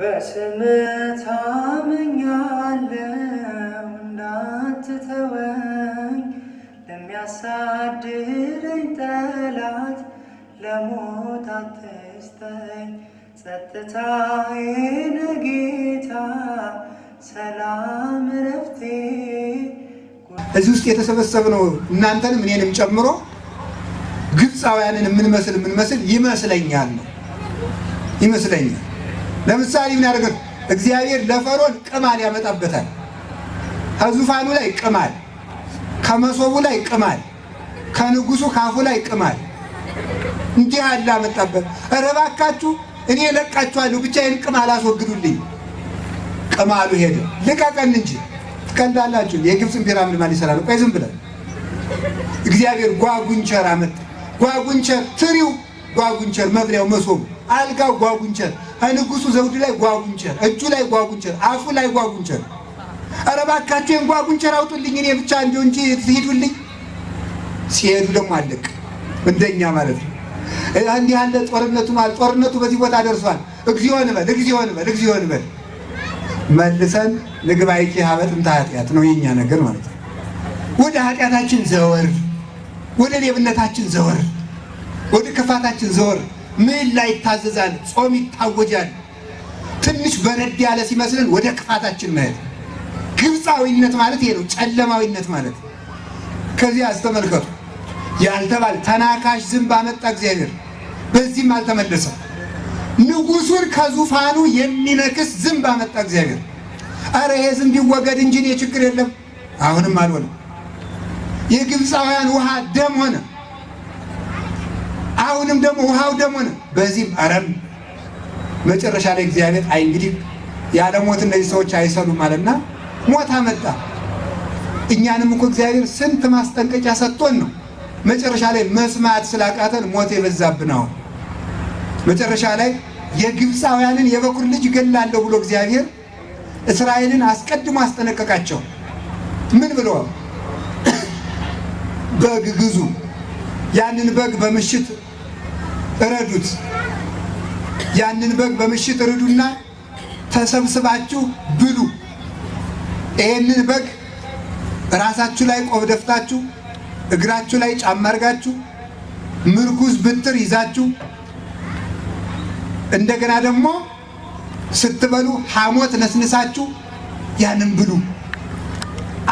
በስምህ ታምኛለሁ እንዳትተወኝ ለሚያሳድደኝ ጠላት ለሞት አትስጠኝ። ጸጥታዬ ጌታ ሰላም እረፍቴ። እዚህ ውስጥ የተሰበሰብነው እናንተንም እኔንም ጨምሮ ግብፃውያንን የምንመስል የምንመስል ይመስለኛል ነው ይመስለኛል ለምሳሌ ምን ያደርገት? እግዚአብሔር ለፈሮን ቅማል ያመጣበታል። ከዙፋኑ ላይ ቅማል፣ ከመሶቡ ላይ ቅማል፣ ከንጉሱ ካፉ ላይ ቅማል። እንዲህ ያለ አመጣበት። ኧረ እባካችሁ እኔ ለቃችኋለሁ፣ ብቻዬን ቅማል አስወግዱልኝ። ቅማሉ ሄደ። ልቀቀን እንጂ ትቀልዳላችሁ። የግብፅን ፒራሚድ ማን ይሰራል? ቆይ ዝም ብለን እግዚአብሔር ጓጉንቸር አመጣ። ጓጉንቸር ትሪው ጓጉንቸር መብሪያው መሶቡ አልጋው ጓጉንቸር ንጉሱ ዘውድ ላይ ጓጉንቸር እጁ ላይ ጓጉንቸር አፉ ላይ ጓጉንቸር። ኧረ እባካችሁ ጓጉንቸር አውጡልኝ እኔ ብቻ እንዲሁ እንጂ ትሄዱልኝ። ሲሄዱ ደግሞ አለቅ እንደኛ ማለት ነው። እንዲህ ያለ ጦርነቱ ማለት ጦርነቱ በዚህ ቦታ ደርሷል። እግዚኦ እንበል እግዚኦ እንበል እግዚኦ እንበል መልሰን ንግባ ይቂ ሀበጥንታ ኃጢአት ነው የኛ ነገር ማለት ነው። ወደ ኃጢአታችን ዘወር፣ ወደ ሌብነታችን ዘወር ወደ ክፋታችን ዘወር። ላይ ይታዘዛል፣ ጾም ይታወጃል። ትንሽ በረድ ያለ ሲመስልን ወደ ክፋታችን መሄድ ግብፃዊነት ማለት ይሄ ነው፣ ጨለማዊነት ማለት። ከዚህ አስተመልከቱ ያልተባል ተናካሽ ዝም ባመጣ እግዚአብሔር በዚህም አልተመለሰም። ንጉሱን ከዙፋኑ የሚነክስ ዝም ባመጣ እግዚአብሔር አረ ይሄ ዝም ቢወገድ እንጂ እኔ ችግር የለም አሁንም አልሆነም። የግብፃውያን ውሃ ደም ሆነ። አሁንም ደግሞ ውሃው ደግሞ በዚህም አረም መጨረሻ ላይ እግዚአብሔር አይ እንግዲህ ያለ ሞት እነዚህ ሰዎች አይሰሉም አለና ሞት አመጣ። እኛንም እኮ እግዚአብሔር ስንት ማስጠንቀቂያ ሰጥቶን ነው። መጨረሻ ላይ መስማት ስላቃተን ሞት የበዛብን አሁን መጨረሻ ላይ የግብፃውያንን የበኩር ልጅ ገላለሁ ብሎ እግዚአብሔር እስራኤልን አስቀድሞ አስጠነቀቃቸው። ምን ብሎ በግ ግዙ። ያንን በግ በምሽት እረዱት። ያንን በግ በምሽት እርዱና ተሰብስባችሁ ብሉ። ይህንን በግ ራሳችሁ ላይ ቆብ ደፍታችሁ፣ እግራችሁ ላይ ጫማ አርጋችሁ፣ ምርኩዝ ብትር ይዛችሁ እንደገና ደግሞ ስትበሉ ሐሞት ነስንሳችሁ ያንን ብሉ።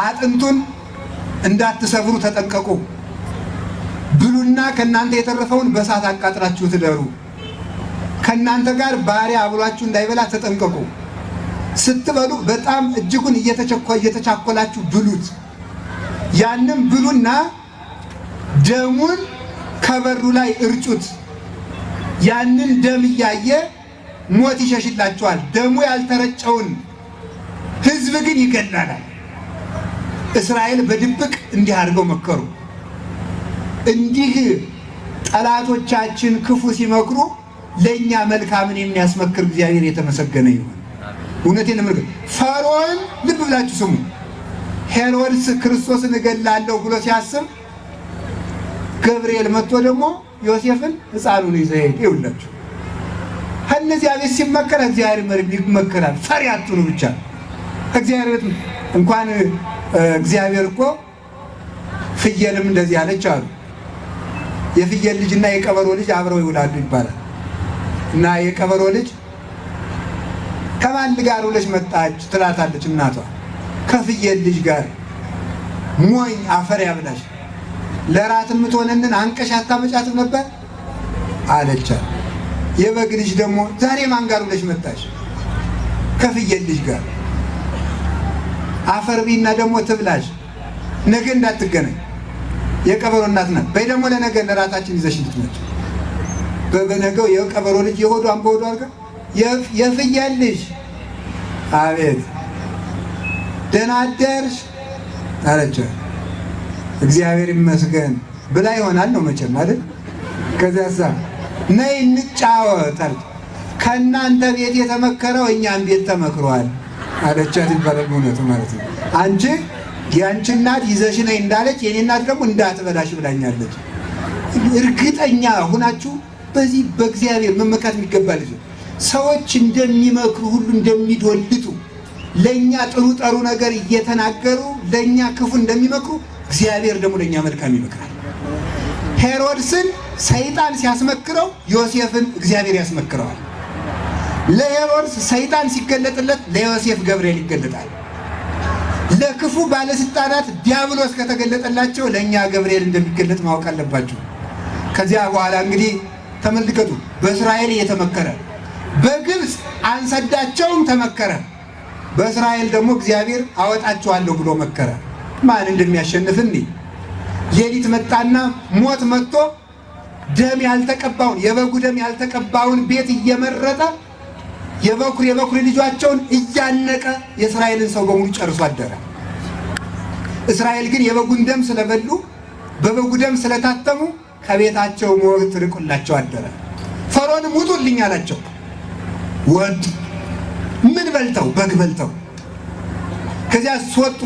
አጥንቱን እንዳትሰብሩ ተጠንቀቁ። ብሉና ከእናንተ የተረፈውን በእሳት አቃጥላችሁ ትደሩ። ከእናንተ ጋር ባሪያ አብሏችሁ እንዳይበላ ተጠንቀቁ። ስትበሉ በጣም እጅጉን እየተቻኮላችሁ ብሉት። ያንም ብሉና ደሙን ከበሩ ላይ እርጩት። ያንን ደም እያየ ሞት ይሸሽላችኋል። ደሙ ያልተረጨውን ሕዝብ ግን ይገላላል። እስራኤል በድብቅ እንዲህ አድርገው መከሩ። እንዲህ ጠላቶቻችን ክፉ ሲመክሩ ለእኛ መልካምን የሚያስመክር እግዚአብሔር የተመሰገነ ይሁን። እውነቴን ምልክ ፈርዖን ልብ ብላችሁ ስሙ። ሄሮድስ ክርስቶስን እገላለሁ ብሎ ሲያስብ ገብርኤል መጥቶ ደግሞ ዮሴፍን ሕፃኑን ይዘህ ሂድ ይውላችሁ። ከእነዚያ ቤት ሲመከር እግዚአብሔር ይመከራል። ፈሪ አትሁኑ ብቻ እግዚአብሔር እንኳን እግዚአብሔር እኮ ፍየልም እንደዚህ አለች አሉ የፍየል ልጅ እና የቀበሮ ልጅ አብረው ይውላሉ ይባላል እና የቀበሮ ልጅ ከማን ጋር ውለሽ መጣች ትላታለች እናቷ። ከፍየል ልጅ ጋር። ሞኝ አፈር ያብላሽ፣ ለራት የምትሆነንን አንቀሽ አታመጫትም ነበር አለቻት። የበግ ልጅ ደግሞ ዛሬ ማን ጋር ውለሽ መጣች? ከፍየል ልጅ ጋር። አፈር ቢና ደግሞ ትብላሽ፣ ነገ እንዳትገናኝ የቀበሮ እናት ነን። በይ ደግሞ ለነገ ለራታችን ይዘሽ ልትመጪ በበነገው የቀበሮ ልጅ የሆዷን በሆዷ አድርጋ የፍየል ልጅ አቤት ደህና አደርሽ አለችው። እግዚአብሔር ይመስገን ብላ ይሆናል ነው መቼም አይደል? ከዚያ ሳ ነይ እንጫወት ከእናንተ ቤት የተመከረው እኛም ቤት ተመክሯል አለቻት ይባላል። በእውነቱ ማለት ነው አንቺ የአንቺ እናት ይዘሽ ነይ እንዳለች የኔ እናት ደግሞ እንዳትበላሽ ብላኛለች። እርግጠኛ ሁናችሁ በዚህ በእግዚአብሔር መመካት የሚገባል። ሰዎች እንደሚመክሩ ሁሉ እንደሚዶልቱ ለእኛ ጥሩ ጠሩ ነገር እየተናገሩ ለእኛ ክፉ እንደሚመክሩ እግዚአብሔር ደግሞ ለእኛ መልካም ይመክራል። ሄሮድስን ሰይጣን ሲያስመክረው ዮሴፍን እግዚአብሔር ያስመክረዋል። ለሄሮድስ ሰይጣን ሲገለጥለት ለዮሴፍ ገብርኤል ይገለጣል። ለክፉ ባለስልጣናት ዲያብሎስ ከተገለጠላቸው ለእኛ ገብርኤል እንደሚገለጥ ማወቅ አለባቸው። ከዚያ በኋላ እንግዲህ ተመልከቱ፣ በእስራኤል እየተመከረ በግብፅ አንሰዳቸውም ተመከረ፣ በእስራኤል ደግሞ እግዚአብሔር አወጣቸዋለሁ ብሎ መከረ። ማን እንደሚያሸንፍኒ ሌሊት መጣና ሞት መጥቶ ደም ያልተቀባውን የበጉ ደም ያልተቀባውን ቤት እየመረጠ የበኩር የበኩር ልጇቸውን እያነቀ የእስራኤልን ሰው በሙሉ ጨርሶ አደረ። እስራኤል ግን የበጉን ደም ስለበሉ በበጉ ደም ስለታተሙ ከቤታቸው ሞት ርቆላቸው አደረ። ፈርዖንም ውጡልኝ አላቸው። ወጡ። ምን በልተው? በግ በልተው። ከዚያ ሲወጡ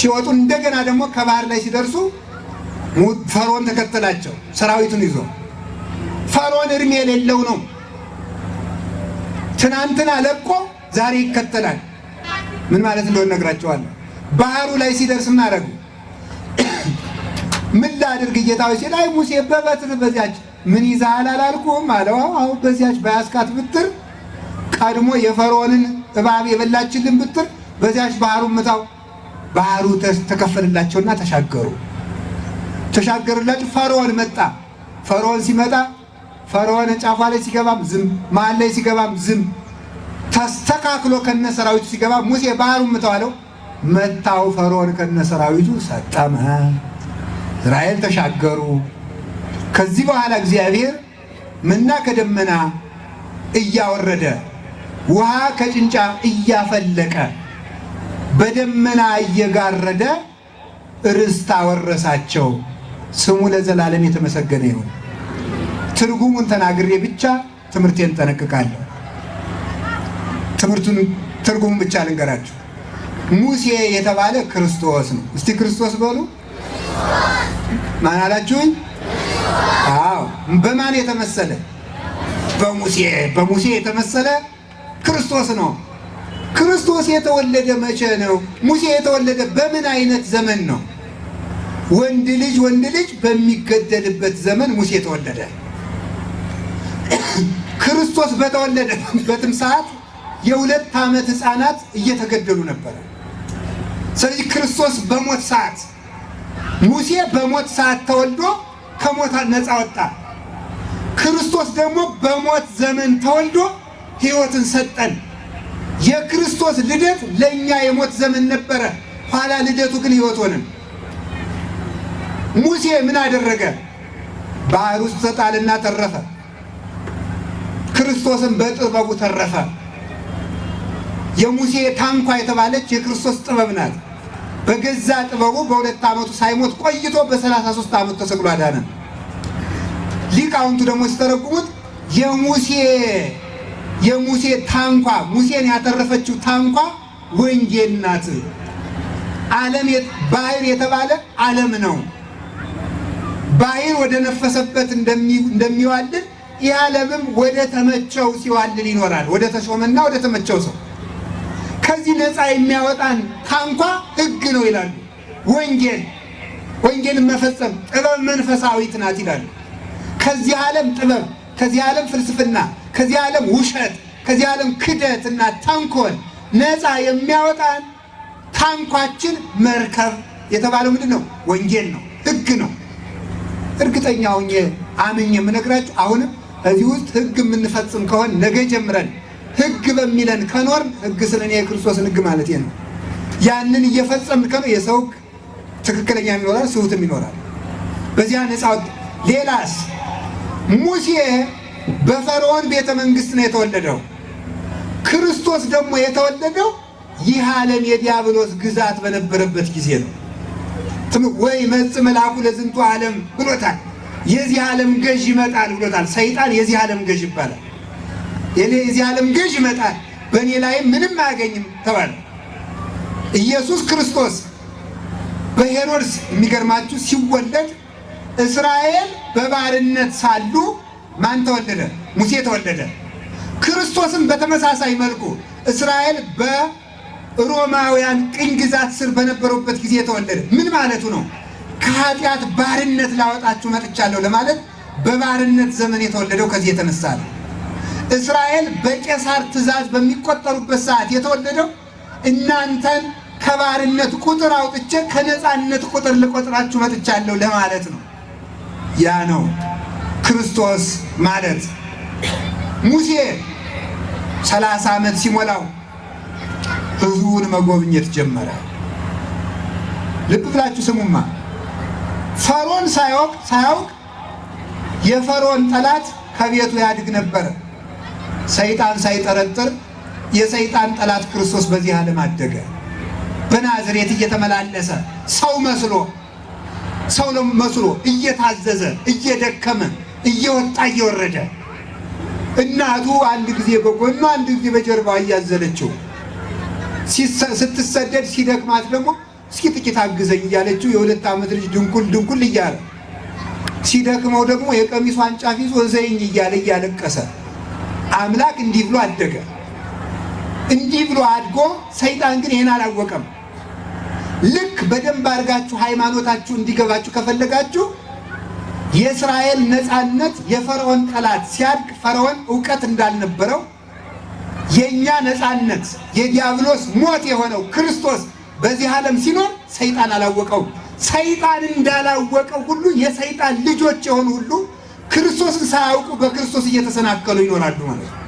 ሲወጡ እንደገና ደግሞ ከባህር ላይ ሲደርሱ ፈርዖን ተከተላቸው ሰራዊቱን ይዞ። ፈርዖን እድሜ የሌለው ነው። ትናንትና ለቆ ዛሬ ይከተላል። ምን ማለት እንደሆነ ነግራቸዋለሁ። ባህሩ ላይ ሲደርስ ማረጉ ምን ላድርግ ጌታዊ ሲል አይ ሙሴ በበትር በዚያች ምን ይዛሃል አላልኩም አለው። አሁ በዚያች በያስካት ብትር ቀድሞ የፈርዖንን እባብ የበላችልን ብትር በዚያች ባህሩ ምታው። ባህሩ ተከፈልላቸውና ተሻገሩ። ተሻገሩለት። ፈርዖን መጣ። ፈርዖን ሲመጣ ፈርዖን ጫፏ ላይ ሲገባም ዝም፣ መሀል ላይ ሲገባም ዝም፣ ተስተካክሎ ከነ ሰራዊቱ ሲገባ ሙሴ ባህሩ ምተዋለው መታው። ፈርዖን ከነ ሰራዊቱ ሰጠመ። እስራኤል ተሻገሩ። ከዚህ በኋላ እግዚአብሔር ምና ከደመና እያወረደ ውሃ ከጭንጫ እያፈለቀ በደመና እየጋረደ ርስት አወረሳቸው። ስሙ ለዘላለም የተመሰገነ ይሁን። ትርጉሙን ተናግሬ ብቻ ትምህርቴን ጠነቅቃለሁ። ትምህርቱን ትርጉሙን ብቻ ልንገራችሁ። ሙሴ የተባለ ክርስቶስ ነው። እስቲ ክርስቶስ በሉ። ማን አላችሁኝ? አዎ። በማን የተመሰለ? በሙሴ በሙሴ የተመሰለ ክርስቶስ ነው። ክርስቶስ የተወለደ መቼ ነው? ሙሴ የተወለደ በምን አይነት ዘመን ነው? ወንድ ልጅ ወንድ ልጅ በሚገደልበት ዘመን ሙሴ የተወለደ ክርስቶስ በተወለደበትም ሰዓት የሁለት ዓመት ሕፃናት እየተገደሉ ነበረ። ስለዚህ ክርስቶስ በሞት ሰዓት ሙሴ በሞት ሰዓት ተወልዶ ከሞት ነፃ ወጣ። ክርስቶስ ደግሞ በሞት ዘመን ተወልዶ ሕይወትን ሰጠን። የክርስቶስ ልደት ለእኛ የሞት ዘመን ነበረ። ኋላ ልደቱ ግን ሕይወት ሆነን። ሙሴ ምን አደረገ? ባህር ውስጥ ተጣለና ተረፈ። ክርስቶስን በጥበቡ ተረፈ። የሙሴ ታንኳ የተባለች የክርስቶስ ጥበብ ናት። በገዛ ጥበቡ በሁለት ዓመቱ ሳይሞት ቆይቶ በሰላሳ 33 ዓመት ተሰቅሎ አዳነ። ሊቃውንቱ ደግሞ ሲተረጉሙት የሙሴ የሙሴ ታንኳ ሙሴን ያተረፈችው ታንኳ ወንጌል ናት። ዓለም ባህር የተባለ ዓለም ነው። ባህር ወደ ነፈሰበት እንደሚዋልን ይህ ዓለምም ወደ ተመቸው ሲዋልል ይኖራል። ወደ ተሾመና ወደ ተመቸው ሰው ከዚህ ነፃ የሚያወጣን ታንኳ ሕግ ነው ይላሉ። ወንጌል ወንጌልን መፈጸም ጥበብ መንፈሳዊት ናት ይላሉ። ከዚህ ዓለም ጥበብ፣ ከዚህ ዓለም ፍልስፍና፣ ከዚህ ዓለም ውሸት፣ ከዚህ ዓለም ክደት እና ነፃ የሚያወጣን ታንኳችን መርከብ የተባለው ምንድን ነው? ወንጌል ነው፣ ሕግ ነው። እርግጠኛ ሁኜ አምኜ የምነግራችሁ አሁንም እዚህ ውስጥ ህግ የምንፈጽም ከሆን ነገ ጀምረን ህግ በሚለን ከኖር ህግ እኔ የክርስቶስን ህግ ማለት ነው። ያንን እየፈጸም ከ የሰው ትክክለኛ ይኖራል፣ ስሁትም ይኖራል። በዚያ ነፃ ሌላስ ሙሴ በፈርዖን ቤተ መንግስት ነው የተወለደው። ክርስቶስ ደግሞ የተወለደው ይህ ዓለም የዲያብሎስ ግዛት በነበረበት ጊዜ ነው። ወይ መጽ መልአኩ ለዝንቱ ዓለም ብሎታል። የዚህ ዓለም ገዥ ይመጣል ብሎታል። ሰይጣን የዚህ ዓለም ገዥ ይባላል። የዚህ ዓለም ገዥ ይመጣል፣ በእኔ ላይም ምንም አያገኝም ተባለ። ኢየሱስ ክርስቶስ በሄሮድስ የሚገርማችሁ ሲወለድ እስራኤል በባርነት ሳሉ ማን ተወለደ? ሙሴ ተወለደ። ክርስቶስም በተመሳሳይ መልኩ እስራኤል በሮማውያን ቅኝ ግዛት ስር በነበሩበት ጊዜ ተወለደ። ምን ማለቱ ነው? ከኃጢአት ባርነት ላወጣችሁ መጥቻለሁ ለማለት በባርነት ዘመን የተወለደው ከዚህ የተነሳ ነው። እስራኤል በቄሳር ትእዛዝ በሚቆጠሩበት ሰዓት የተወለደው እናንተን ከባርነት ቁጥር አውጥቼ ከነፃነት ቁጥር ልቆጥራችሁ መጥቻለሁ ለማለት ነው። ያ ነው ክርስቶስ ማለት። ሙሴ ሰላሳ ዓመት ሲሞላው ሕዝቡን መጎብኘት ጀመረ። ልብ ብላችሁ ስሙማ። ፈሮን ሳያውቅ ሳያውቅ የፈሮን ጠላት ከቤቱ ያድግ ነበር። ሰይጣን ሳይጠረጥር የሰይጣን ጠላት ክርስቶስ በዚህ ዓለም አደገ። በናዝሬት እየተመላለሰ ሰው መስሎ ሰው መስሎ እየታዘዘ እየደከመ እየወጣ እየወረደ እናቱ አንድ ጊዜ በጎኑ አንድ ጊዜ በጀርባ እያዘለችው ስትሰደድ ሲደክማት ደግሞ እስኪ ጥቂት አግዘኝ እያለችው የሁለት ዓመት ልጅ ድንኩል ድንኩል እያለ ሲደክመው ደግሞ የቀሚሷን ጫፍ ይዞ ዘይኝ እያለ እያለቀሰ አምላክ እንዲህ ብሎ አደገ። እንዲህ ብሎ አድጎ ሰይጣን ግን ይህን አላወቀም። ልክ በደንብ አድርጋችሁ ሃይማኖታችሁ እንዲገባችሁ ከፈለጋችሁ የእስራኤል ነፃነት የፈርዖን ጠላት ሲያድግ ፈርዖን እውቀት እንዳልነበረው የእኛ ነፃነት የዲያብሎስ ሞት የሆነው ክርስቶስ በዚህ ዓለም ሲኖር ሰይጣን አላወቀው። ሰይጣን እንዳላወቀው ሁሉ የሰይጣን ልጆች የሆኑ ሁሉ ክርስቶስን ሳያውቁ በክርስቶስ እየተሰናከሉ ይኖራሉ ማለት ነው።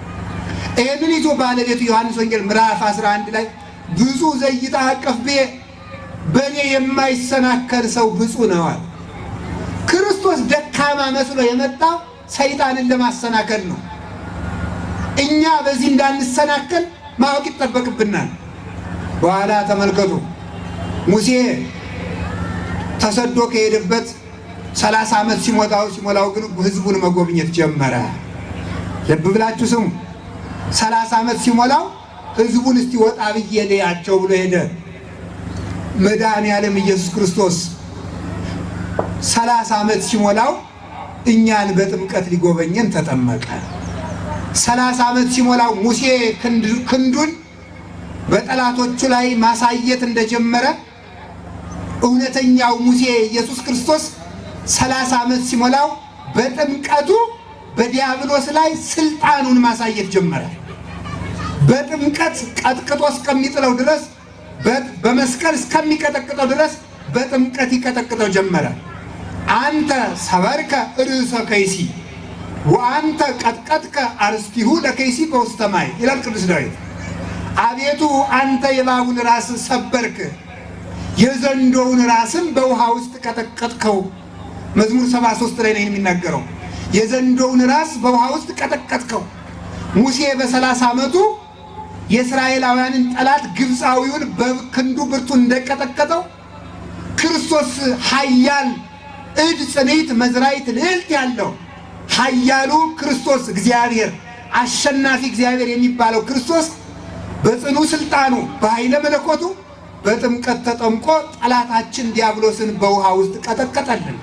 ይህንን ይዞ ባለቤቱ ዮሐንስ ወንጌል ምዕራፍ 11 ላይ ዘይጣ አቀፍ ብዬ በእኔ የማይሰናከል ሰው ብፁ ነዋል። ክርስቶስ ደካማ መስሎ የመጣው ሰይጣንን ለማሰናከል ነው። እኛ በዚህ እንዳንሰናከል ማወቅ ይጠበቅብናል። በኋላ ተመልከቱ ሙሴ ተሰዶ ከሄደበት ሰላሳ ዓመት ሲሞላው ሲሞላው ግን ህዝቡን መጎብኘት ጀመረ። ልብ ብላችሁ ስሙ። ሰላሳ ዓመት ሲሞላው ህዝቡን እስቲ ወጣ ብዬ ልያቸው ብሎ ሄደ። መዳን ያለም ኢየሱስ ክርስቶስ ሰላሳ ዓመት ሲሞላው እኛን በጥምቀት ሊጎበኘን ተጠመቀ። ሰላሳ ዓመት ሲሞላው ሙሴ ክንዱን በጠላቶቹ ላይ ማሳየት እንደጀመረ እውነተኛው ሙሴ ኢየሱስ ክርስቶስ ሰላሳ ዓመት ሲሞላው በጥምቀቱ በዲያብሎስ ላይ ስልጣኑን ማሳየት ጀመረ። በጥምቀት ቀጥቅጦ እስከሚጥለው ድረስ በመስቀል እስከሚቀጠቅጠው ድረስ በጥምቀት ይቀጠቅጠው ጀመረ። አንተ ሰበርከ ርእሰ ከይሲ ወአንተ ቀጥቀጥከ አርስቲሁ ለከይሲ በውስተ ማይ ይላል ቅዱስ ዳዊት። አቤቱ አንተ የእባቡን ራስ ሰበርክ፣ የዘንዶውን ራስም በውሃ ውስጥ ቀጠቀጥከው። መዝሙር 73 ላይ ነው የሚናገረው። የዘንዶውን ራስ በውሃ ውስጥ ቀጠቀጥከው። ሙሴ በሰላሳ ዓመቱ የእስራኤላውያንን ጠላት ግብፃዊውን በክንዱ ብርቱ እንደቀጠቀጠው ክርስቶስ ኃያል እድ ጽኔት መዝራይት ልዕልት ያለው ኃያሉ ክርስቶስ እግዚአብሔር አሸናፊ እግዚአብሔር የሚባለው ክርስቶስ በጽኑ ስልጣኑ በኃይለ መለኮቱ በጥምቀት ተጠምቆ ጠላታችን ዲያብሎስን በውሃ ውስጥ ቀጠቀጠልን።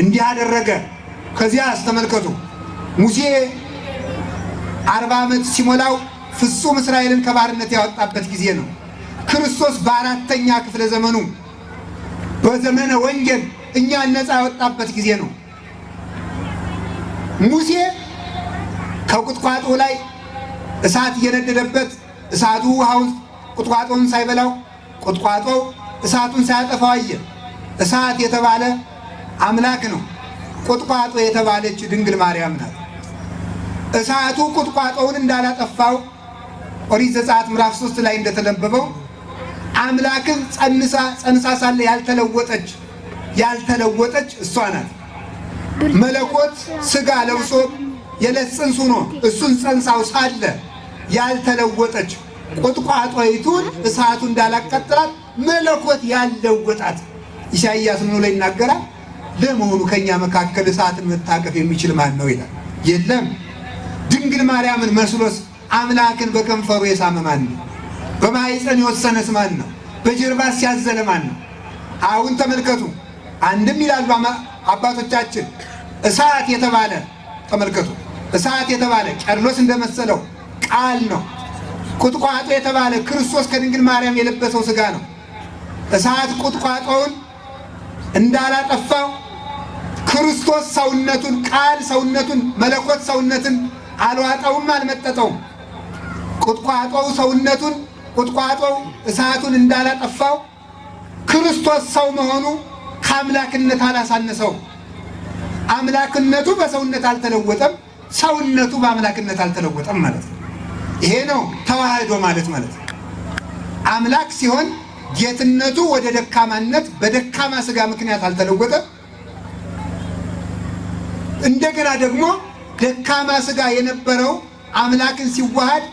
እንዲህ አደረገ። ከዚያ አስተመልከቱ ሙሴ አርባ ዓመት ሲሞላው ፍጹም እስራኤልን ከባርነት ያወጣበት ጊዜ ነው። ክርስቶስ በአራተኛ ክፍለ ዘመኑ በዘመነ ወንጌል እኛን ነፃ ያወጣበት ጊዜ ነው። ሙሴ ከቁጥቋጦ ላይ እሳት እየነደደበት እሳቱ ውሃውን ቁጥቋጦውን ሳይበላው ቁጥቋጦው እሳቱን ሳያጠፋው አየ። እሳት የተባለ አምላክ ነው። ቁጥቋጦ የተባለች ድንግል ማርያም ናት። እሳቱ ቁጥቋጦውን እንዳላጠፋው ኦሪት ዘጸአት ምዕራፍ ሶስት ላይ እንደተነበበው አምላክን ጸንሳ ሳለ ያልተለወጠች ያልተለወጠች እሷ ናት። መለኮት ስጋ ለብሶ የዕለት ጽንስ ሆኖ እሱን ጸንሳው ሳለ ያልተለወጠች ቁጥቋጦይቱን እሳቱ እንዳላቃጥላት መለኮት ያልለወጣት ኢሳይያስ ምኑ ላይ ይናገራል? ለመሆኑ ከእኛ መካከል እሳትን መታቀፍ የሚችል ማን ነው ይላል። የለም ድንግል ማርያምን መስሎስ አምላክን በከንፈሩ የሳመ ማን ነው? በማይፀን የወሰነስ ማን ነው? በጀርባ ሲያዘለ ማን ነው? አሁን ተመልከቱ። አንድም ይላሉ አባቶቻችን እሳት የተባለ ተመልከቱ፣ እሳት የተባለ ቄርሎስ እንደመሰለው ቃል ነው። ቁጥቋጦ የተባለ ክርስቶስ ከድንግል ማርያም የለበሰው ስጋ ነው። እሳት ቁጥቋጦውን እንዳላጠፋው ክርስቶስ ሰውነቱን ቃል ሰውነቱን መለኮት ሰውነትን አልዋጠውም፣ አልመጠጠውም። ቁጥቋጦው ሰውነቱን ቁጥቋጦው እሳቱን እንዳላጠፋው ክርስቶስ ሰው መሆኑ ከአምላክነት አላሳነሰው። አምላክነቱ በሰውነት አልተለወጠም፣ ሰውነቱ በአምላክነት አልተለወጠም ማለት ነው። ይሄ ነው ተዋህዶ ማለት ማለት ነው። አምላክ ሲሆን ጌትነቱ ወደ ደካማነት በደካማ ስጋ ምክንያት አልተለወጠም። እንደገና ደግሞ ደካማ ስጋ የነበረው አምላክን ሲዋሃድ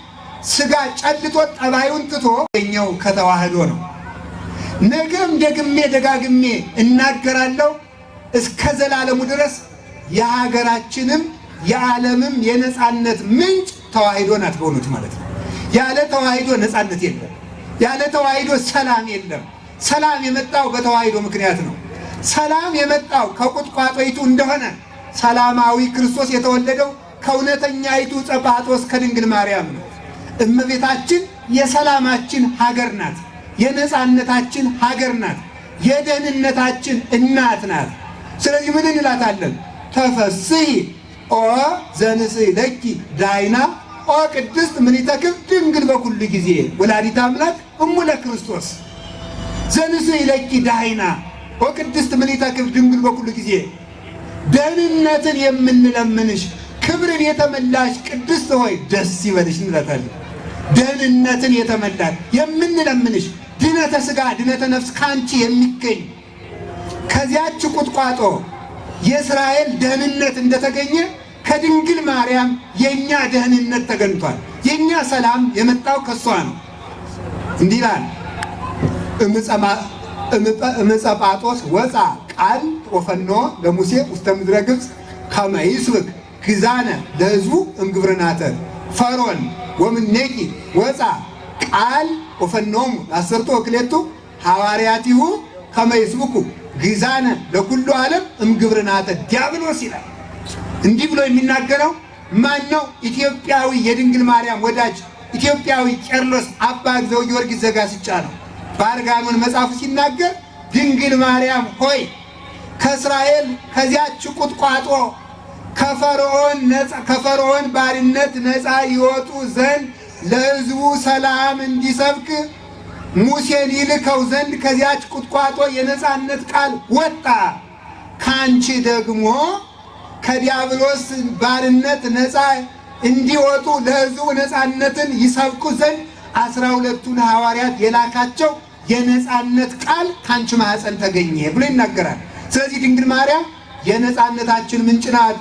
ስጋ ጨልጦ ጠባዩን ትቶ ኛው ከተዋህዶ ነው። ነገም ደግሜ ደጋግሜ እናገራለሁ እስከ ዘላለሙ ድረስ የሀገራችንም የዓለምም የነፃነት ምንጭ ተዋህዶ ናት በሆኑት ማለት ነው። ያለ ተዋህዶ ነፃነት የለም። ያለ ተዋህዶ ሰላም የለም። ሰላም የመጣው በተዋህዶ ምክንያት ነው። ሰላም የመጣው ከቁጥቋጦይቱ እንደሆነ ሰላማዊ ክርስቶስ የተወለደው ከእውነተኛይቱ ጸባጦስ ከድንግል ማርያም ነው። እመቤታችን የሰላማችን ሀገር ናት። የነፃነታችን ሀገር ናት። የደህንነታችን እናት ናት። ስለዚህ ምን እንላታለን? ተፈስሒ ኦ ዘንስ ለኪ ዳይና ኦ ቅድስት ምኒተክብ ድንግል በኩሉ ጊዜ ወላዲተ አምላክ ክርስቶስ ዘንስ ለኪ ዳይና ኦ ቅድስት ድንግል በኩሉ ጊዜ ደህንነትን የምንለምንሽ ክብርን የተመላሽ ቅድስት ሆይ ደስ ይበልሽ እንላታለን። ደህንነትን የተመላሽ የምንለምንሽ ድነተ ስጋ ድነተ ነፍስ የሚገኝ ከዚያች ቁጥቋጦ የእስራኤል ደህንነት እንደተገኘ ከድንግል ማርያም የእኛ ደህንነት ተገኝቷል። የእኛ ሰላም የመጣው ከእሷ ነው። እንዲህ ይላል እምጸጳጦስ ወፃ ቃል ጦፈኖ ለሙሴ ውስተ ምድረ ግብፅ ከመ ይስብክ ግዛነ ለህዝቡ እምግብርናተ ፈሮን ወምኔቂ ወፃ ቃል ጦፈኖሙ ለአሰርቱ ወክሌቱ ሐዋርያቲሁ ከመ ይስብኩ ግዛነ ለኩሉ ዓለም እምግብርናተ ዲያብሎስ ይላል። እንዲህ ብሎ የሚናገረው ማነው ኢትዮጵያዊ የድንግል ማርያም ወዳጅ ኢትዮጵያዊ ቄርሎስ አባ ዘው ጊዮርጊስ ዘጋስጫ ነው። በአርጋኖን መጽሐፉ ሲናገር ድንግል ማርያም ሆይ ከእስራኤል ከዚያች ቁጥቋጦ ከፈርዖን ባርነት ነፃ ይወጡ ዘንድ ለሕዝቡ ሰላም እንዲሰብክ ሙሴን ይልከው ዘንድ ከዚያች ቁጥቋጦ የነፃነት ቃል ወጣ። ከአንቺ ደግሞ ከዲያብሎስ ባርነት ነፃ እንዲወጡ ለሕዝቡ ነፃነትን ይሰብኩ ዘንድ አስራ ሁለቱን ሐዋርያት የላካቸው የነፃነት ቃል ከአንቺ ማኅፀን ተገኘ ብሎ ይናገራል። ስለዚህ ድንግል ማርያም የነፃነታችን ምንጭ ናት።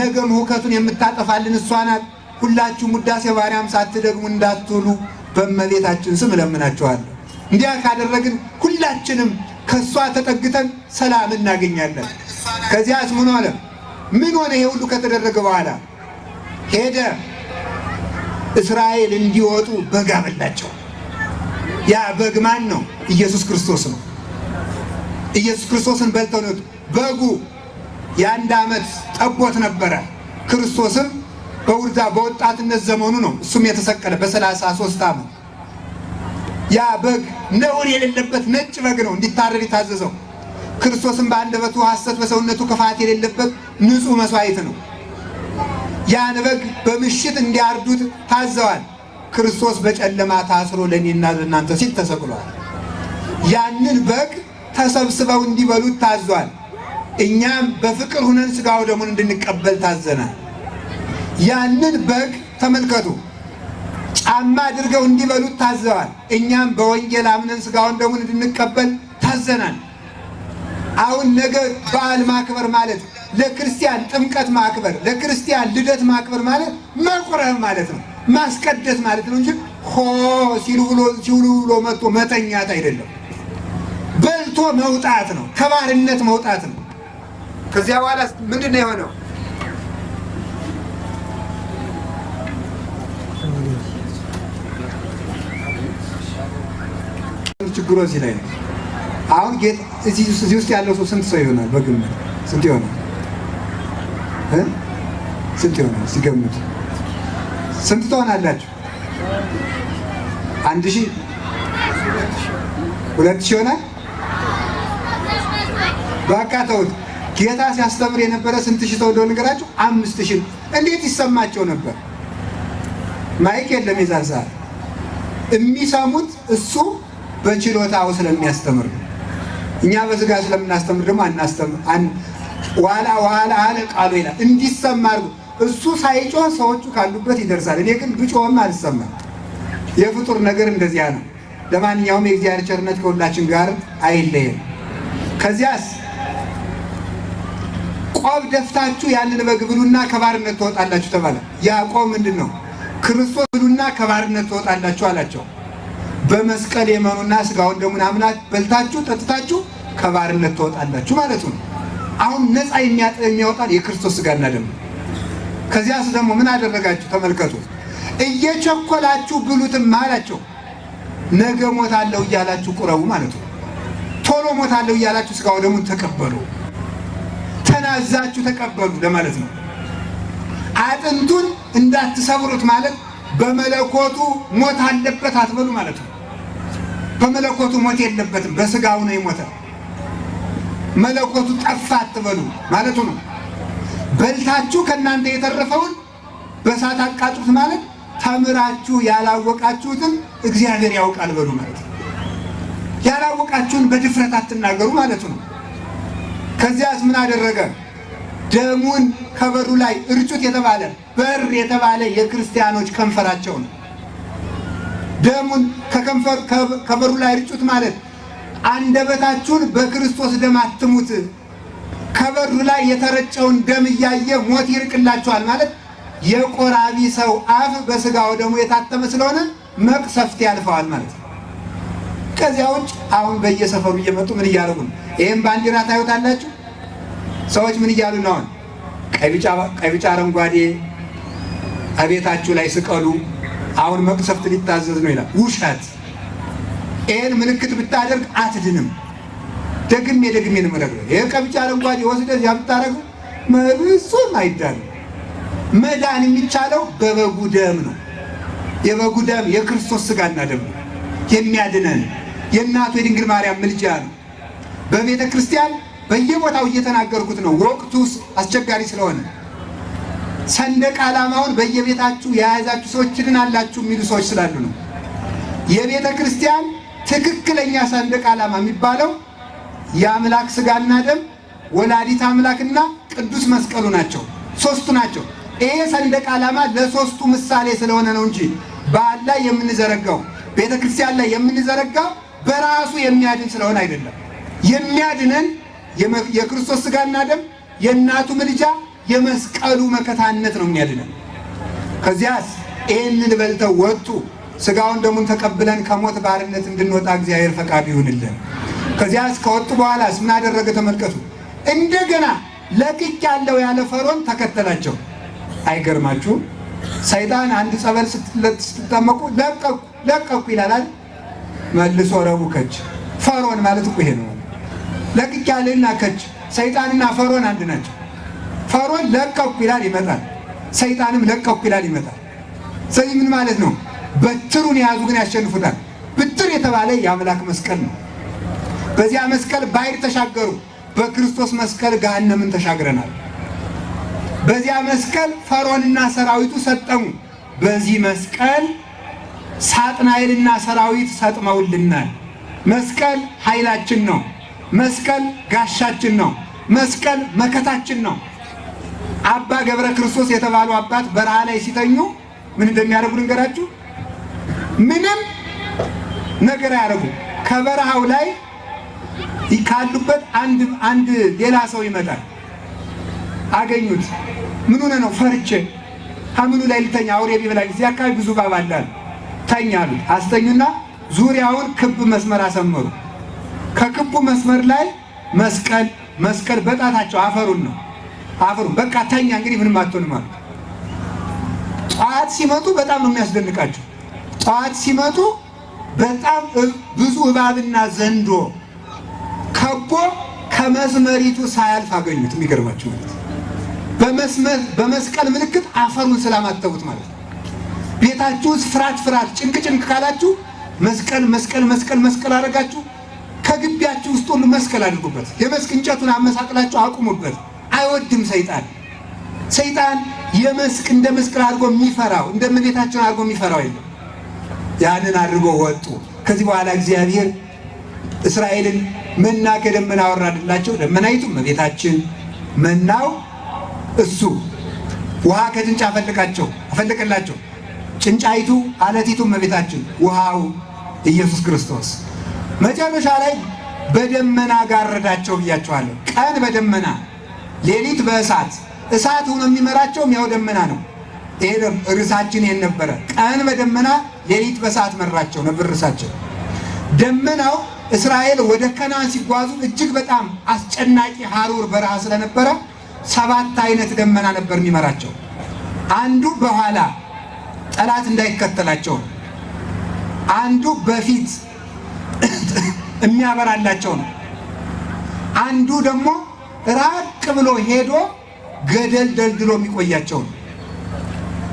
ነገም ሁከቱን የምታጠፋልን እሷ ናት። ሁላችሁ ውዳሴ ማርያም ሳትደግሙ እንዳትሉ በመቤታችን ስም እለምናችኋለሁ። እንዲያ ካደረግን ሁላችንም ከእሷ ተጠግተን ሰላም እናገኛለን። ከዚያስ ምን ሆነ? ምን ሆነ? ይሄ ሁሉ ከተደረገ በኋላ ሄደ እስራኤል እንዲወጡ በግ አበላቸው። ያ በግ ማን ነው? ኢየሱስ ክርስቶስ ነው። ኢየሱስ ክርስቶስን በልተው ነው በጉ የአንድ ዓመት ጠቦት ነበረ። ክርስቶስም በውርዳ በወጣትነት ዘመኑ ነው እሱም የተሰቀለ በሰላሳ ሦስት ዓመት ያ በግ ነውር የሌለበት ነጭ በግ ነው እንዲታረድ የታዘዘው። ክርስቶስም በአንደበቱ ሐሰት በሰውነቱ ክፋት የሌለበት ንጹሕ መስዋዕት ነው። ያን በግ በምሽት እንዲያርዱት ታዘዋል። ክርስቶስ በጨለማ ታስሮ ለእኔና ለእናንተ ሲል ተሰቅሏል። ያንን በግ ተሰብስበው እንዲበሉት ታዟል። እኛም በፍቅር ሁነን ሥጋው ደሙን እንድንቀበል ታዘናል። ያንን በግ ተመልከቱ። ጫማ አድርገው እንዲበሉት ታዘዋል። እኛም በወንጌል አምነን ስጋውን ደሙን እንድንቀበል ታዘናል። አሁን ነገ በዓል ማክበር ማለት ለክርስቲያን ጥምቀት ማክበር፣ ለክርስቲያን ልደት ማክበር ማለት መቁረብ ማለት ነው፣ ማስቀደስ ማለት ነው እንጂ ሆ ሲሉ ብሎ መጥቶ መተኛት አይደለም። በልቶ መውጣት ነው፣ ከባርነት መውጣት ነው። ከዚያ በኋላ ምንድን ነው የሆነው? ችግሩ እዚህ ላይ ነው። አሁን እዚህ ውስጥ ያለው ሰው ስንት ሰው ይሆናል? በግምት ስንት ይሆናል? ስንት ይሆናል? ሲገምት ስንት ትሆናላችሁ? አንድ ሺህ ሁለት ሺህ ይሆናል። በቃ ተውት። ጌታ ሲያስተምር የነበረ ስንት ሺህ ሰው እንደሆነ ንገራችሁ። አምስት ሺህ እንዴት ይሰማቸው ነበር? ማይክ የለም የዛን ሰዓት የሚሰሙት እሱ በችሎታው ስለሚያስተምር እኛ በስጋ ስለምናስተምር ደግሞ አናስተምር ዋላ ዋላ አለ ቃሉ ይላል እንዲሰማ አድርጎ እሱ ሳይጮህ ሰዎቹ ካሉበት ይደርሳል። እኔ ግን ብጮህም አልሰማም። የፍጡር ነገር እንደዚያ ነው። ለማንኛውም የእግዚአብሔር ቸርነት ከሁላችን ጋር አይለየም። ከዚያስ ቆብ ደፍታችሁ ያንን በግ ብሉና ከባርነት ትወጣላችሁ ተባለ። ያ ቆብ ምንድን ነው? ክርስቶስ ብሉና ከባርነት ትወጣላችሁ አላቸው። በመስቀል የመኑና ስጋውን ደሙን አምናት በልታችሁ ጠጥታችሁ ከባርነት ትወጣላችሁ ማለት ነው። አሁን ነፃ የሚያወጣ የክርስቶስ ስጋና ደም። ከዚያስ ደግሞ ምን አደረጋችሁ? ተመልከቱ። እየቸኮላችሁ ብሉትም አላቸው። ነገ ሞታለሁ እያላችሁ ቁረቡ ማለት ነው። ቶሎ ሞታለሁ እያላችሁ ስጋው ደሙን ተቀበሉ። ተናዛችሁ ተቀበሉ ለማለት ነው። አጥንቱን እንዳትሰብሩት ማለት በመለኮቱ ሞት አለበት አትበሉ ማለት ነው። በመለኮቱ ሞት የለበትም፣ በስጋው ነው የሞተ። መለኮቱ ጠፋ አትበሉ ማለቱ ነው። በልታችሁ ከእናንተ የተረፈውን በእሳት አቃጡት ማለት ተምራችሁ ያላወቃችሁትን እግዚአብሔር ያውቃል በሉ ማለት ነው። ያላወቃችሁን በድፍረት አትናገሩ ማለት ነው። ከዚያስ ምን አደረገ? ደሙን ከበሩ ላይ እርጩት የተባለ በር የተባለ የክርስቲያኖች ከንፈራቸው ነው። ደሙን ከከንፈር ከበሩ ላይ ርጩት ማለት አንደበታችሁን በክርስቶስ ደም አትሙት፣ ከበሩ ላይ የተረጨውን ደም እያየ ሞት ይርቅላችኋል ማለት የቆራቢ ሰው አፍ በስጋው ደሙ የታተመ ስለሆነ መቅሰፍት ያልፈዋል ማለት ነው። ከዚያ ውጭ አሁን በየሰፈሩ እየመጡ ምን እያደረጉ ነው? ይህም ባንዲራ ታዩታላችሁ። ሰዎች ምን እያሉ ነው? አሁን ቀይ ቢጫ አረንጓዴ እቤታችሁ ላይ ስቀሉ አሁን መቅሰፍት ሊታዘዝ ነው ይላል። ውሸት። ይህን ምልክት ብታደርግ አትድንም። ደግሜ ደግሜ ነው የምነግርህ። ይህ ቀብጫ አረንጓዴ ወስደህ እዚያ ብታደርገው መብሱም መዳን የሚቻለው በበጉ ደም ነው። የበጉ ደም የክርስቶስ ስጋና ደም የሚያድነን የእናቱ የድንግል ማርያም ምልጃ ነው። በቤተ ክርስቲያን በየቦታው እየተናገርኩት ነው። ወቅቱ አስቸጋሪ ስለሆነ ሰንደቅ ዓላማውን በየቤታችሁ የያዛችሁ ሰዎች ትድናላችሁ የሚሉ ሰዎች ስላሉ ነው። የቤተ ክርስቲያን ትክክለኛ ሰንደቅ ዓላማ የሚባለው የአምላክ ስጋና ደም ወላዲት አምላክና ቅዱስ መስቀሉ ናቸው። ሶስቱ ናቸው። ይሄ ሰንደቅ ዓላማ ለሶስቱ ምሳሌ ስለሆነ ነው እንጂ በዓል ላይ የምንዘረጋው ቤተ ክርስቲያን ላይ የምንዘረጋው በራሱ የሚያድን ስለሆነ አይደለም። የሚያድነን የክርስቶስ ስጋና ደም የእናቱ ምልጃ የመስቀሉ መከታነት ነው የሚያድነን። ከዚያስ ይህንን በልተው ወጡ፣ ስጋውን ደሙን ተቀብለን ከሞት ባርነት እንድንወጣ እግዚአብሔር ፈቃዱ ይሁንልን። ከዚያስ ከወጡ በኋላስ ምን አደረገ? ተመልከቱ። እንደገና ለቅቅ ያለው ያለ ፈሮን ተከተላቸው። አይገርማችሁም? ሰይጣን አንድ ጸበል ስትጠመቁ ለቀቁ ለቀቁ ይላላል። መልሶ ረቡከች ፈሮን ማለት እኮ ይሄ ነው። ለቅቅ ያለና ከች ሰይጣንና ፈሮን አንድ ናቸው። ፈሮን ለቀኩ ይላል ይመጣል። ሰይጣንም ለቀኩ ይላል ይመጣል። ስለዚህ ምን ማለት ነው? በትሩን የያዙ ግን ያሸንፉታል። ብትር የተባለ የአምላክ መስቀል ነው። በዚያ መስቀል ባሕር ተሻገሩ። በክርስቶስ መስቀል ገሃነምን ተሻግረናል። በዚያ መስቀል ፈርዖንና ሰራዊቱ ሰጠሙ። በዚህ መስቀል ሳጥናኤልና ሰራዊት ሰጥመውልናል። መስቀል ኃይላችን ነው። መስቀል ጋሻችን ነው። መስቀል መከታችን ነው። አባ ገብረ ክርስቶስ የተባሉ አባት በረሃ ላይ ሲተኙ ምን እንደሚያደርጉ ልንገራችሁ። ምንም ነገር አያደርጉ። ከበረሃው ላይ ካሉበት አንድ አንድ ሌላ ሰው ይመጣል። አገኙት። ምን ሆነ ነው? ፈርቼ ከምኑ ላይ ልተኛ? አውሬ ቢበላ ጊዜ አካባቢ ብዙ እባብ አለ፣ አሉት። አስተኙና ዙሪያውን ክብ መስመር አሰመሩ። ከክቡ መስመር ላይ መስቀል መስቀል በጣታቸው አፈሩን ነው አፍሩ በቃ ተኛ እንግዲህ ምንም አትሆንም አሉ። ጠዋት ሲመጡ በጣም ነው የሚያስደንቃቸው። ጠዋት ሲመጡ በጣም ብዙ እባብና ዘንዶ ከቦ ከመስመሪቱ ሳያልፍ አገኙት። የሚገርማቸው ማለት በመስቀል ምልክት አፈሩን ስላማተቡት ማለት ነው። ቤታችሁ ውስጥ ፍርሃት ፍርሃት ጭንቅ ጭንቅ ካላችሁ መስቀል መስቀል መስቀል መስቀል አድርጋችሁ ከግቢያችሁ ውስጥ ሁሉ መስቀል አድርጉበት። የመስክ እንጨቱን አመሳቅላችሁ አቁሙበት። አይወድም ሰይጣን። ሰይጣን የመስቅ እንደ መስቀል አድርጎ የሚፈራው እንደ እመቤታችን አድርጎ የሚፈራው የለም። ያንን አድርጎ ወጡ። ከዚህ በኋላ እግዚአብሔር እስራኤልን መና ከደመና አወራድላቸው። ደመናይቱ እመቤታችን፣ መናው እሱ። ውሃ ከጭንጫ አፈለቃቸው አፈለቀላቸው። ጭንጫይቱ አለቲቱ እመቤታችን፣ ውሃው ኢየሱስ ክርስቶስ። መጨረሻ ላይ በደመና ጋረዳቸው ብያቸዋለሁ። ቀን በደመና ሌሊት በእሳት እሳት ሆኖ የሚመራቸው ያው ደመና ነው። ይሄ ርዕሳችን ይሄን ነበረ። ቀን በደመና ሌሊት በእሳት መራቸው ነበር ርዕሳቸው። ደመናው እስራኤል ወደ ከናን ሲጓዙ እጅግ በጣም አስጨናቂ ሐሩር በረሃ ስለነበረ ሰባት አይነት ደመና ነበር የሚመራቸው። አንዱ በኋላ ጠላት እንዳይከተላቸው፣ አንዱ በፊት የሚያበራላቸው ነው። አንዱ ደግሞ ራቅ ብሎ ሄዶ ገደል ደልድሎ የሚቆያቸው ነው።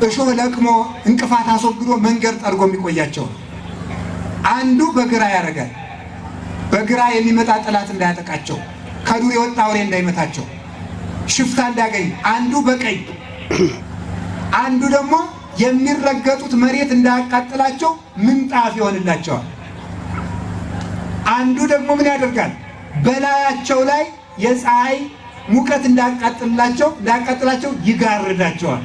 እሾህ ለቅሞ እንቅፋት አስወግዶ መንገድ ጠርጎ የሚቆያቸው ነው። አንዱ በግራ ያደርጋል። በግራ የሚመጣ ጠላት እንዳያጠቃቸው፣ ከዱር የወጣ አውሬ እንዳይመታቸው፣ ሽፍታ እንዳያገኝ፣ አንዱ በቀኝ አንዱ ደግሞ የሚረገጡት መሬት እንዳያቃጥላቸው ምንጣፍ ይሆንላቸዋል። አንዱ ደግሞ ምን ያደርጋል? በላያቸው ላይ የፀሐይ ሙቀት እንዳቃጥላቸው እንዳቃጥላቸው ይጋርዳቸዋል።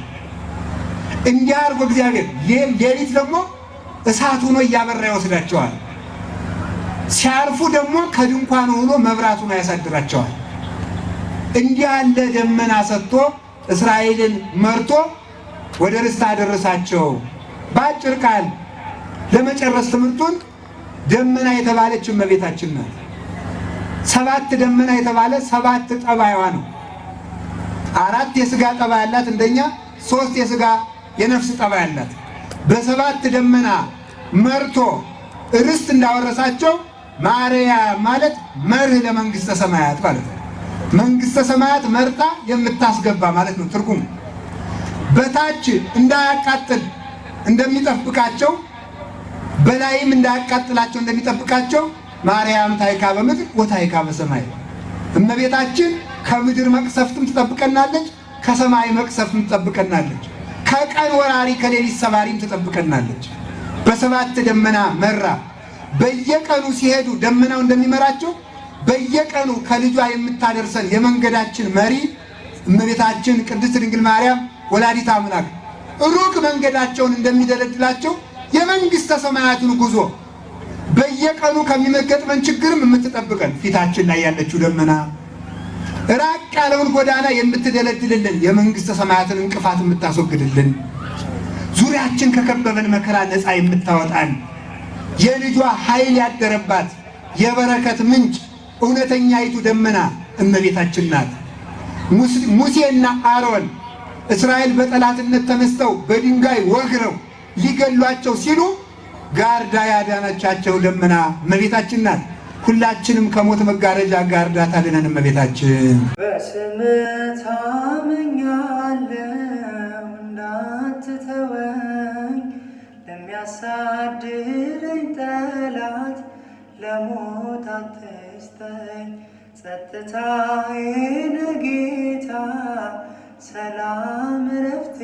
እንዲያ እግዚአብሔር ይህም ሌሊት ደግሞ እሳት ሆኖ እያበራ ይወስዳቸዋል። ሲያርፉ ደግሞ ከድንኳኑ ሆኖ መብራቱን ያሳድራቸዋል። እንዲህ ያለ ደመና ሰጥቶ እስራኤልን መርቶ ወደ ርስት አደረሳቸው። በአጭር ቃል ለመጨረስ ትምህርቱን ደመና የተባለች እመቤታችን ናት። ሰባት ደመና የተባለ ሰባት ጠባይዋ ነው። አራት የስጋ ጠባይ አላት እንደኛ፣ ሶስት የስጋ የነፍስ ጠባይ አላት። በሰባት ደመና መርቶ ርስት እንዳወረሳቸው ማርያ ማለት መርህ ለመንግስተ ሰማያት ማለት ነው። መንግስተ ሰማያት መርጣ የምታስገባ ማለት ነው ትርጉሙ። በታች እንዳያቃጥል እንደሚጠብቃቸው፣ በላይም እንዳያቃጥላቸው እንደሚጠብቃቸው ማርያም ታይካ በምድር ወታይካ በሰማይ እመቤታችን ከምድር መቅሰፍትም ትጠብቀናለች፣ ከሰማይ መቅሰፍትም ትጠብቀናለች፣ ከቀን ወራሪ ከሌሊት ሰባሪም ትጠብቀናለች። በሰባት ደመና መራ። በየቀኑ ሲሄዱ ደመናው እንደሚመራቸው በየቀኑ ከልጇ የምታደርሰን የመንገዳችን መሪ እመቤታችን ቅድስት ድንግል ማርያም ወላዲት አምላክ ሩቅ መንገዳቸውን እንደሚደለድላቸው የመንግሥተ ሰማያትን ጉዞ በየቀኑ ከሚመገጥመን ችግርም የምትጠብቀን ፊታችን ላይ ያለችው ደመና ራቅ ያለውን ጎዳና የምትደለድልልን የመንግሥተ ሰማያትን እንቅፋት የምታስወግድልን ዙሪያችን ከከበበን መከራ ነፃ የምታወጣን የልጇ ኃይል ያደረባት የበረከት ምንጭ እውነተኛይቱ ደመና እመቤታችን ናት። ሙሴና አሮን እስራኤል በጠላትነት ተነስተው በድንጋይ ወግረው ሊገሏቸው ሲሉ ጋርዳ ያዳነቻቸው ደመና እመቤታችን ናት። ሁላችንም ከሞት መጋረጃ ጋርዳ ታድነን እመቤታችን። በስም ታምኛለሁ እንዳትተወኝ፣ ለሚያሳድረኝ ጠላት ለሞት አትስጠኝ። ጸጥታዬ ነህ ጌታ ሰላም እረፍቴ